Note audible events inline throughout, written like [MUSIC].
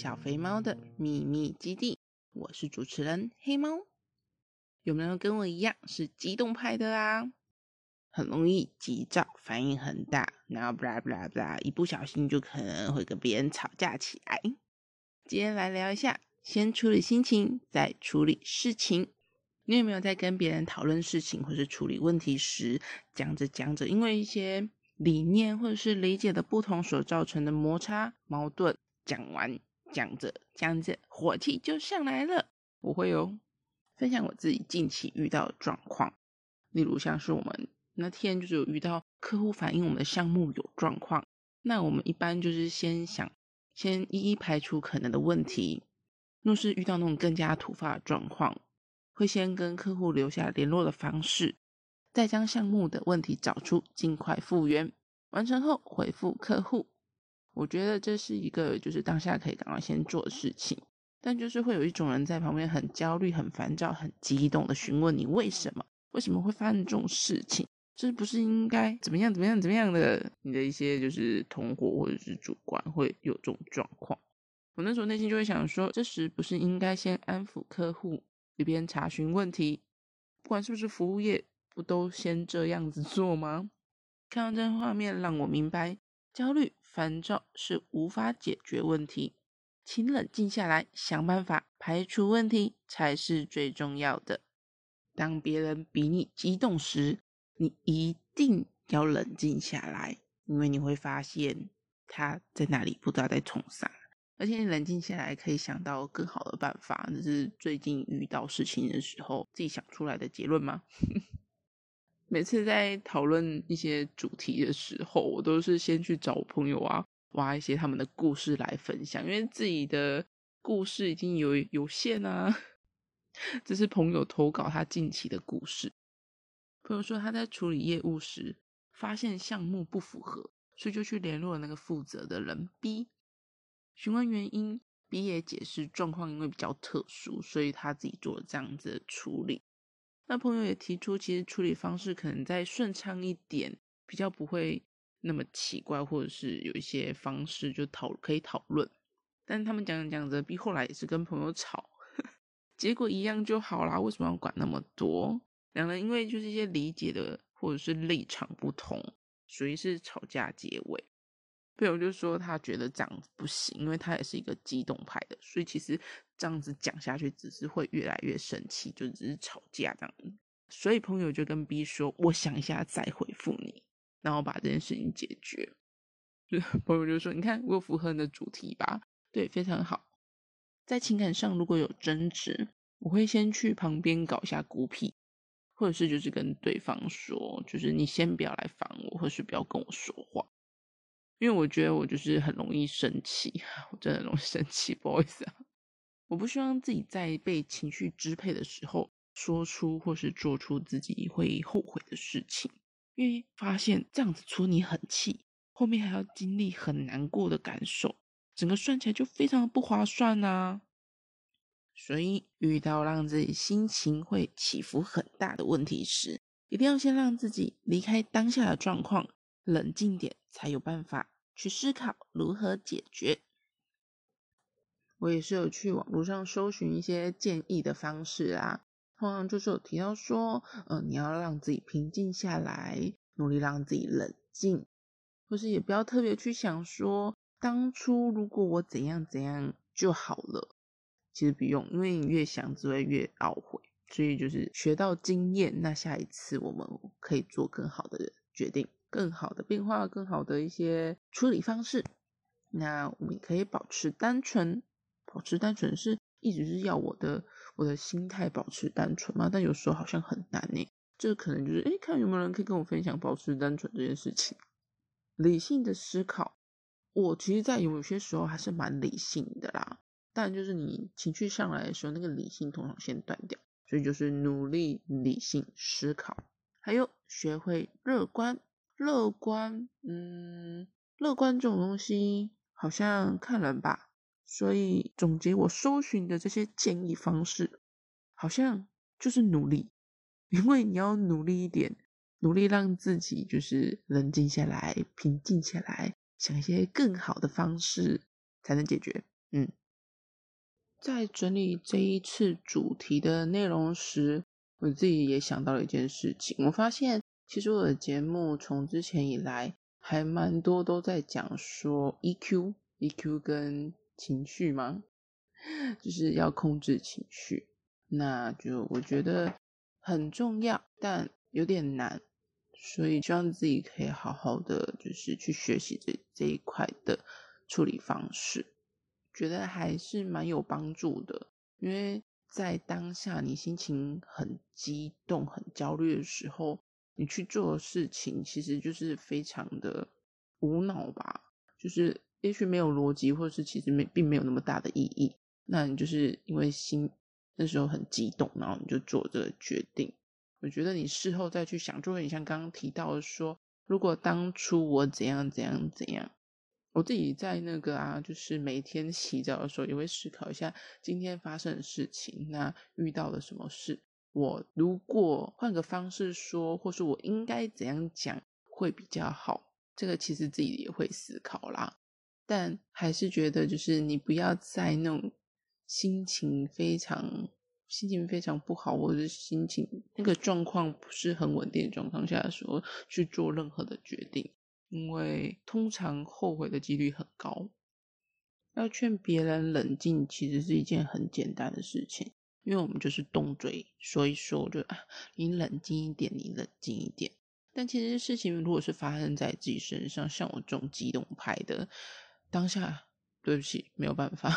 小肥貓的秘密基地，我是主持人黑貓。有沒有跟我一樣是激動派的啊？很容易急躁，反應很大，然後 blah blah blah，一不小心就可能會跟別人吵架起來。今天來聊一下，先處理心情，再處理事情。你有沒有在跟別人討論事情或是處理問題時，講着講着，因為一些理念或者是理解的不同所造成的摩擦、矛盾，講完。講着講着，火氣就上來了。不會哦，分享我自己近期遇到的狀況，例如像是我們那天就是有遇到客戶反映我們的項目有狀況，那我們一般就是先想先一一排除可能的問題。若是遇到那種更加突發的狀況，會先跟客戶留下聯絡的方式，再將項目的問題找出，盡快復原。完成後回覆客戶。我覺得這是一個就是當下可以趕快先做的事情，但就是會有一種人在旁邊很焦慮、很煩躁、很激動的詢問你為什麼為什麼會發生這種事情，這不是應該怎麼樣、怎麼樣、怎麼樣的？你的一些就是同夥或者是主管會有這種狀況，我那時候內心就會想說，這時不是應該先安撫客戶，一邊查詢問題，不管是不是服務業，不都先這樣子做嗎？看到這個畫面，讓我明白焦慮。煩躁是無法解決問題，請冷靜下來，想辦法排除問題才是最重要的。當別人比你激動時，你一定要冷靜下來，因為你會發現他在那裡不知道在衝啥，而且你冷靜下來可以想到更好的辦法。這是最近遇到事情的時候自己想出來的結論嗎？ [LAUGHS] 每次在討論一些主題的時候，我都是先去找我朋友啊，挖一些他們的故事來分享，因為自己的故事已經有有限啊。這是朋友投稿他近期的故事。朋友說他在處理業務時，發現項目不符合，所以就去聯絡了那個負責的人 B，詢問原因。B 也解釋狀況，因為比較特殊，所以他自己做了這樣子的處理。那朋友也提出，其實處理方式可能再順暢一點，比較不會那麼奇怪，或者是有一些方式就討可以討論。但他們講着講着，比後來也是跟朋友吵， [LAUGHS] 結果一樣就好啦，為什麼要管那麼多？兩人因為就是一些理解的或者是立場不同，所以是吵架結尾。朋友就說他覺得這樣不行，因為他也是一個激動派的，所以其實這樣子講下去，只是會越來越生氣，就只是吵架這樣子。所以朋友就跟 B 說：“我想一下再回復你，然後把這件事情解決。”朋友就說：“你看，我符合你的主題吧？對，非常好。在情感上如果有爭執，我會先去旁邊搞一下孤僻，或者是就是跟對方說，就是你先不要來煩我，或是不要跟我說話。”因為我覺得我就是很容易生氣，我真的很容易生氣，不好意思，啊。我不希望自己在被情緒支配的時候，說出或是做出自己會後悔的事情，因為發現這樣子出你很氣，後面還要經歷很難過的感受，整個算起來就非常的不划算吶啊。所以遇到讓自己心情會起伏很大的問題時，一定要先讓自己離開當下的狀況。冷靜點，才有辦法去思考如何解決。我也是有去網絡上搜尋一些建議的方式啊，通常就是有提到說，嗯、呃，你要讓自己平靜下來，努力讓自己冷靜，或是也不要特別去想說，當初如果我怎樣怎樣就好了。其實不用，因為你越想只會越懊悔。所以就是學到經驗，那下一次我們可以做更好的決定。更好的變化，更好的一些處理方式。那我們可以保持單純，保持單純是一直是要我的我的心態保持單純嘛？但有時候好像很難呢。這個可能就是，哎，欸，看有沒有人可以跟我分享保持單純這件事情。理性的思考，我其實在有有些時候還是蠻理性的啦。但就是你情緒上來的時候，那個理性通常先斷掉，所以就是努力理性思考，還有學會樂觀。樂觀，嗯，樂觀這種東西好像看人吧，所以總結我搜尋的這些建議方式，好像就是努力，因為你要努力一點，努力讓自己就是冷靜下來，平靜下來，想一些更好的方式才能解決。嗯，在整理這一次主題的內容時，我自己也想到了一件事情，我發現。其實我的節目從之前以來，還蠻多都在講說 EQ、EQ 跟情緒嗎？就是要控制情緒，那就我覺得很重要，但有點難，所以希望自己可以好好的，就是去學習這這一塊的處理方式，覺得還是蠻有幫助的，因為在當下你心情很激動、很焦慮的時候。你去做事情，其實就是非常的無腦吧，就是也許沒有邏輯，或者是其實沒並沒有那麼大的意義。那你就是因為心那時候很激動，然後你就做這個決定。我覺得你事後再去想，就會很像剛剛提到的說，如果當初我怎樣怎樣怎樣，我自己在那個啊，就是每天洗澡的時候也會思考一下今天發生的事情，那遇到了什麼事。我如果換個方式說，或是我應該怎樣講會比較好？這個其實自己也會思考啦，但還是覺得就是你不要在那種心情非常、心情非常不好，或者是心情那個狀況不是很穩定的狀況下的時候去做任何的決定，因為通常後悔的幾率很高。要勸別人冷靜，其實是一件很簡單的事情。因為我們就是動嘴所以說一說，我就啊，你冷靜一點，你冷靜一點。但其實事情如果是發生在自己身上，像我這種激動派的，當下對不起，沒有辦法，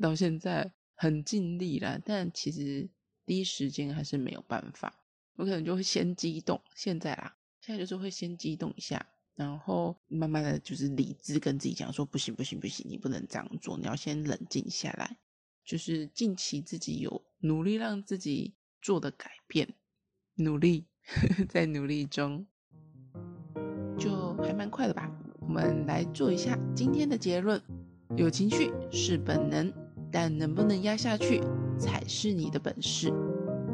到現在很盡力啦，但其實第一時間還是沒有辦法。我可能就會先激動，現在啦，現在就是會先激動一下，然後慢慢的就是理智跟自己講說，不行不行不行，你不能這樣做，你要先冷靜下來。就是近期自己有努力讓自己做的改變，努力 [LAUGHS] 在努力中，就還蠻快的吧。我們來做一下今天的結論：有情緒是本能，但能不能壓下去才是你的本事。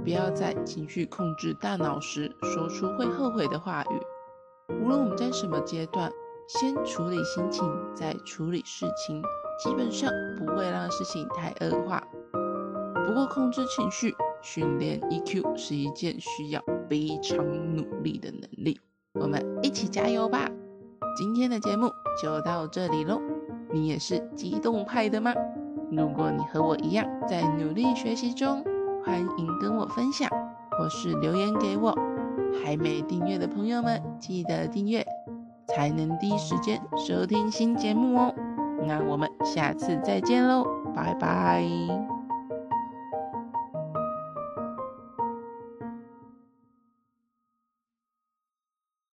不要在情緒控制大腦時說出會後悔的話語。無論我們在什麼階段，先處理心情，再處理事情。基本上不會讓事情太惡化。不過，控制情緒、訓練 EQ 是一件需要非常努力的能力。我們一起加油吧！今天的節目就到這裡嘍。你也是激動派的嗎？如果你和我一樣在努力學習中，歡迎跟我分享或是留言給我。還沒訂閱的朋友們，記得訂閱才能第一時間收聽新節目哦！那我們下次再見嘍，拜拜。